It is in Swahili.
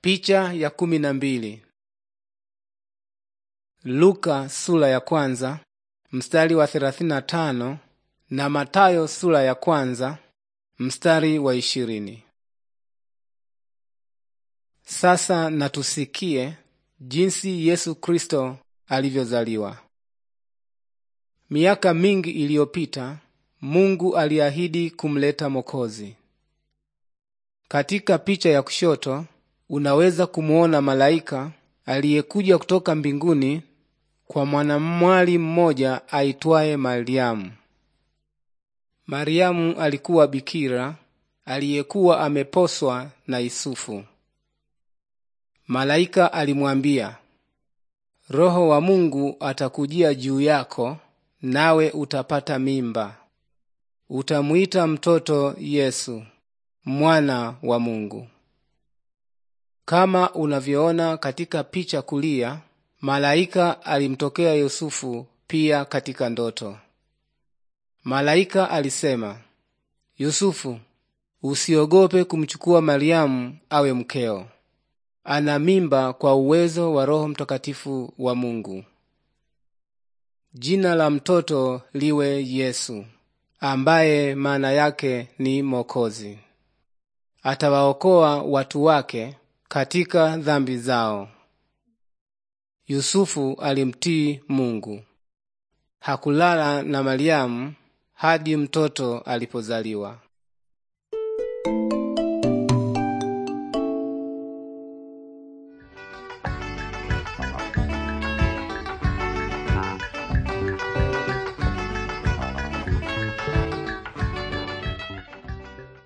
Picha ya kumi na mbili. Luka sura ya kwanza mstari wa 35 na Matayo sura ya kwanza mstari wa ishirini. Sasa natusikie jinsi Yesu Kristo alivyozaliwa. Miaka mingi iliyopita Mungu aliahidi kumleta Mokozi. Katika picha ya kushoto unaweza kumwona malaika aliyekuja kutoka mbinguni kwa mwanamwali mmoja aitwaye Mariamu. Mariamu alikuwa bikira aliyekuwa ameposwa na Yusufu. Malaika alimwambia, Roho wa Mungu atakujia juu yako, nawe utapata mimba, utamwita mtoto Yesu, mwana wa Mungu. Kama unavyoona katika picha kulia, malaika alimtokea Yusufu pia katika ndoto. Malaika alisema, Yusufu, usiogope kumchukua Mariamu awe mkeo. Ana mimba kwa uwezo wa Roho Mtakatifu wa Mungu. Jina la mtoto liwe Yesu, ambaye maana yake ni mokozi Atawaokoa watu wake katika dhambi zao. Yusufu alimtii Mungu, hakulala na Mariamu hadi mtoto alipozaliwa.